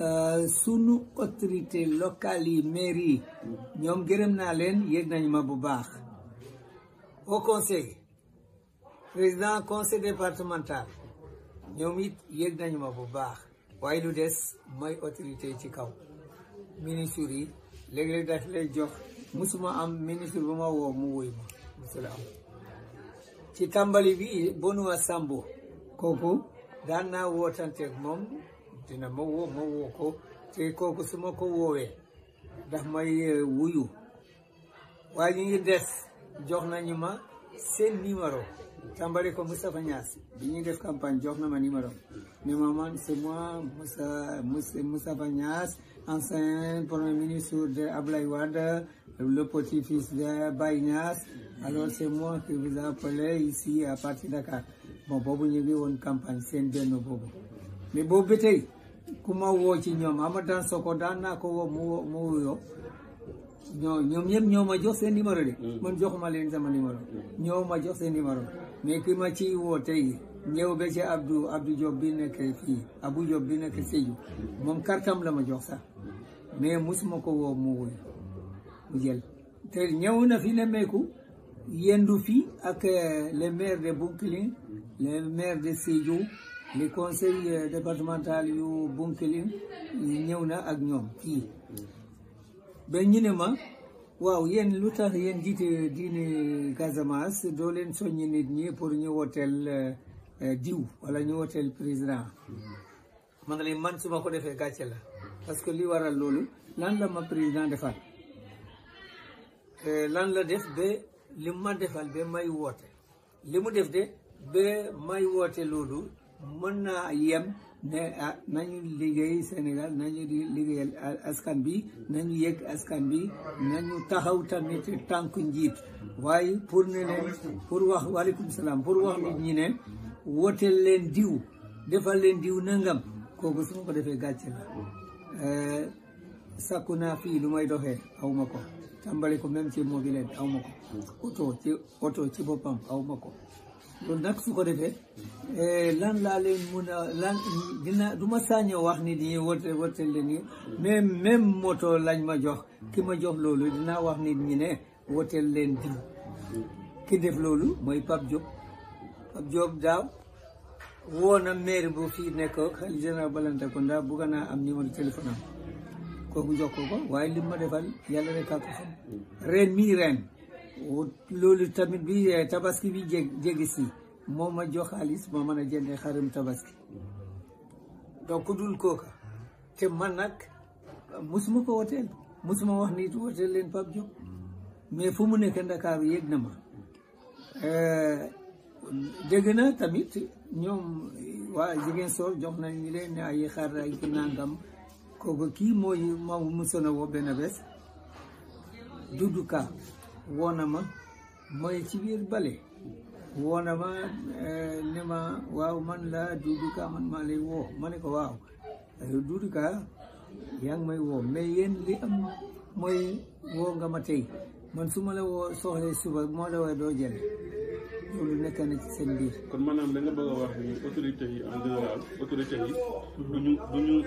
Euh, sunu autorité locale yi mair yi ñoom gërëm naa leen yëg nañu ma bu baax au conseil président conseil départemental ñoom it yëg nañu ma bu baax waaye lu des mooy autorité ci kaw ministre yi léeg-léeg daf jox musuma am ministre bu ma woo mu wuy ci tàmbali bi Bonuwa Sambo kooku daan naa wootanteeg moom dina ma woo ma woo ko te kooku su ma ko woowee daf may eh, wuyu waaye ñu des jox nañu ma seen numéro tàmbali ko Moustapha Niass bi ñuy def campagne jox na ma numéro ne ma man moi Moussa Moustapha Niass ancien premier ministre de Ablaye Wade le petit-fils de Baye Niass alors c'est moi qui vous appelle ici à partir de Dakar bon boobu ñu ngi woon campagne seen benn boobu mais boobu ba tey ku mm. ma woo ci ñoom Amadan Soko daan naa ko woo mu wuyoo ñoo ñoom ñëpp ma jox seen numéro de. man ma leen sama numéro. ñoo mm. ma jox seen numéro mais ki ma ci woo tey ñëw ba ci Abdou Abdou Diop bi nekk fii Abou Diop bi nekk Sédhiou moom kartam la ma jox sax mais musuma ko woo mu wuyu mu te ñëw na fi ne meeku yendu fi ak eh, le maire de Bounkiling le maire de Sédhiou li conseil euh, départemental yu Bounkiling ñëw na ak ñoom kii ba ñu ne ma waaw yéen lu tax yéen jiite diine Casamance doo leen soññi nit ñi pour ñu woteel euh, diw wala ñu woteel président ma leen man su ma ko defee gàcce la parce que li waral loolu lan la ma président defal euh, lan la def ba li ma defal ba may woote li mu def de ba may woote loolu mën naa yem ne a ah, nañu liggéey Sénégal nañu di liggéeyal ah, askan bi nañu yëg askan bi nañu taxaw tamit tànk njiit waaye pour ne leen pour wax waaleykum salaam pour wax nit ñi ne woteel leen diw defal leen diw nangam kooku su ma ko defee gàcce la eh, sakku naa fii lu may doxee aw ko tàmbali ko même ci mobilette aw ma ko oto ci boppam aw ma ko loolu nag su ko defee eh, lan laal leen mun dina du ma sañ wax ni di wote wote leen nii mais même moto lañ ma jox ki ma jox loolu dinaa wax nit ñi ne wote leen diw ki def loolu mooy Pape Diop Pape Diop daaw woo na maire bu fii nekk xel général Balantacounda bugg naa am numéro téléphone am kooku jokkoo ko waaye li ma defal yàlla rek a ko ren mii ren loolu tamit bi eh, tabaski bi jég jeg si moo ma jox xaalis ma mën a jëndee xarum tabaski donc dul kooka te man nag musuma ko woteel musuma wax nit woteel leen Pape Diop mais fu mu nekk Ndakaaru yëg na ma eh, dégg na tamit ñoom waa jigéen soor jox nañ leen ay xar nangam kooku kii mooy ma mësoon woo benn bés Dudu Ka woo na ma mooy ci biir bale woo ma eh, ne ma waaw man la Dudu Ka man maa woo ma ne ko waaw Dudu Ka yaa ngi may woo mais yéen li am mooy woo nga ma tey man su ma la woo soxlee suba moo la woo doo jële loolu nekk na kon maanaam a wax ni autorité yi en général autorité yi. du ñu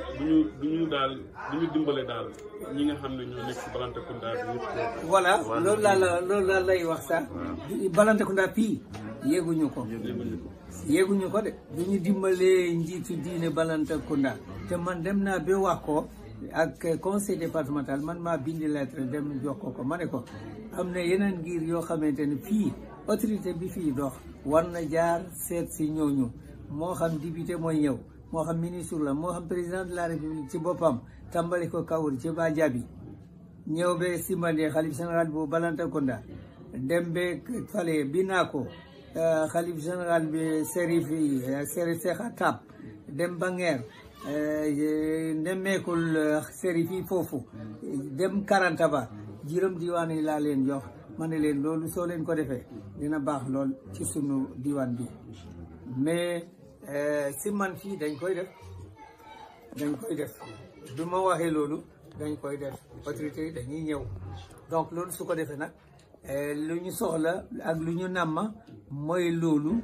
du ñu daal du ñu dimbale daal ñi nga xam ne ñoo nekk si Balantacounda bi yëpp. voilà laa lay wax sax. waaw Balantacounda fii yéeguñu ko. yéeguñu ko yéeguñu ko de. du ñu dimbalee njiitu diine Balantacounda. te man dem naa ba wax ko. ak conseil départemental man maa bind lettre dem jox ko ko ma ne ko am na yeneen ngir yoo xamante ne fii. autorité bi fii dox war na jaar seet si ñooñu moo xam député mooy ñëw moo xam ministre la moo xam président de la république ci boppam tàmbali ko Kaolack ci Badiaby ñëw be Simbandi xalif général bu Balantacounda dem be fale Binako euh, xalif général bi Serif Serif Seex Atap dem Bangeer euh, nemmeekul euh, Serif yi foofu dem Karantaba juróom diwaan yi laa leen jox ma ne leen loolu soo leen ko defee dina baax lool ci sunu diwaan bi mais euh, si man fii dañ koy def dañ koy def bi ma waxee loolu dañ koy def autorité dañ dañuy ñëw donc loolu su ko defee nag euh, lu ñu soxla ak lu ñu nàmma mooy loolu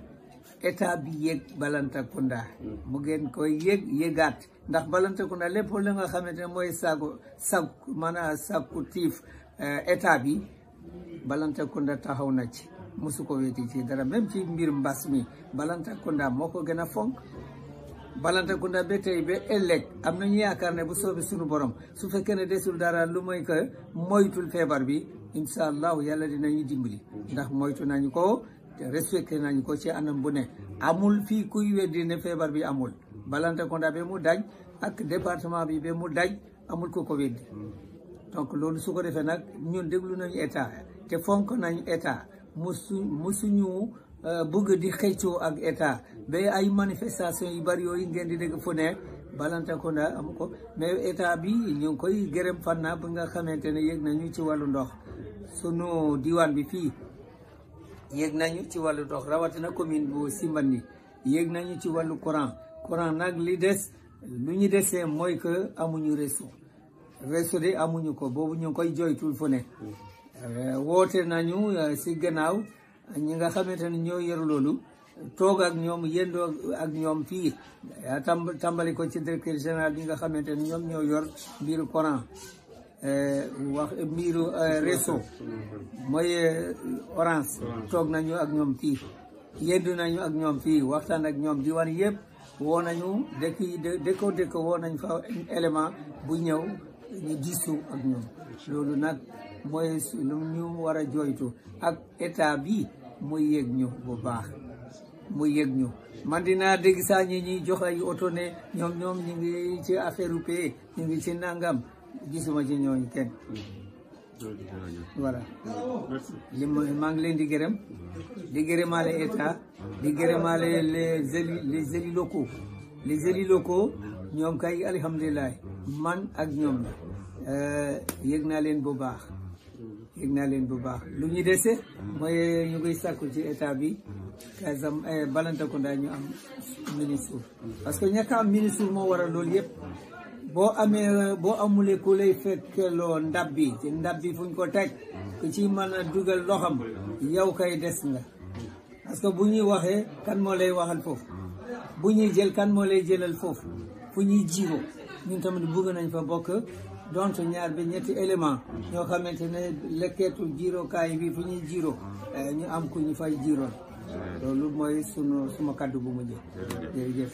état bi yéeg Balantacounda mu ngeen koy yéeg yéegaat ndax Balantacounda lépp la nga xamante ne mooy sago sag maanaam sakku tiif euh, état bi Balantacounda taxaw na ci su ko wéeti ci dara même ci mbir mbas mi Balantacounda moo ko gën a fonk Balantacounda ba tey ba ëllëg am nañu yaakaar ne bu soobee suñu borom su fekkee ne desul dara lu mooy que moytul feebar bi incha allahu yàlla ñu dimbali ndax moytu nañu ko te nañ ko ci anam bu ne amul fii kuy weddi ne feebar bi amul Balantacounda ba mu daj ak département bi ba mu daj amul ko ko weddi donc loolu su ko defee nag ñun déglu nañu état te fonk nañu état musu musuñu euh, bëgg di xëccoo ak état ba ay manifestation yu bari yooyu ngeen di dégg fu nekk Balantacounda am ko mais état bi ñu ngi koy gërëm fan naa ba nga xamante ne yëg nañu ci wàllu ndox sunu diwaan bi fii yëg nañu ci wàllu ndox rawatina commune bu Simbandi yëg nañu ci wàllu courant courant nag li des lu ñu desee mooy que amuñu réseau réseau de amuñu ko boobu ñu ngi koy jooytul fune Eh, woote nañu eh, si gannaaw ñi nga xamante ne ñoo yor loolu toog ak ñoom yendoo ak ñoom fii eh, tàmbali ko ci directeur général bi nga xamante ne ñoom ñoo yor mbiru Coran wax mbiru réseau mooy orange toog nañu ak ñoom fii yendu nañu ak ñoom fii waxtaan ak ñoom diwaan yëpp woo nañu dëkk dëkkoo dëkk woo nañ fa élément bu ñëw ñu gisoo ak ñoom loolu nag mooy lu ñu war a jooytu ak état bi mu yëg ñu bu baax mu yëg ñu man dinaa dégg saa ñi ñuy jox ay oto ne ñoom ñoom ñu ngi ci affaire paye ñu ngi ci nangam gisuma ci ñooñu kenn voilà li maa ngi leen di gërëm di gërëmaale état di gërëmaale les élus les élus locaux les élus ñoom kay alhamdulilah man ak ñoom eh, yëg naa leen bu baax yëg naa leen bu baax lu ñu dese mooy ñu ngi sàkku ci état bi Kasam eh, Balantacounda ñu am ministre parce que ñàkk am ministre moo waral loolu yëpp boo amee boo amulee ku lay fekkeloo ndab bi ci ndab bi fuñ ko teg ku ci mën a dugal loxam yow kay des nga parce que bu ñuy waxee kan moo lay waxal foofu bu ñuy jël kan moo lay jëlal foofu fu ñuy jiwoo ñun tamit bëgg nañ fa bokk donte ñaar bi ñetti élément ñoo xamante ne lekkeetu jiirookaay bi fi ñuy jiiroo eh, ñu am ku ñu fay jiiroon loolu mooy sunu suma kaddu bu mujj jërëjëf